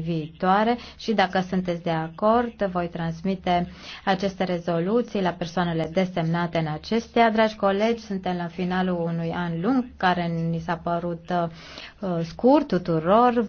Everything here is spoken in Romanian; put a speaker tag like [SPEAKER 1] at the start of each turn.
[SPEAKER 1] viitoare și dacă sunteți de acord, voi transmite aceste rezoluții la persoanele desemnate în acestea. Dragi colegi, suntem la finalul unui an lung care ni s-a părut uh, scurt tuturor.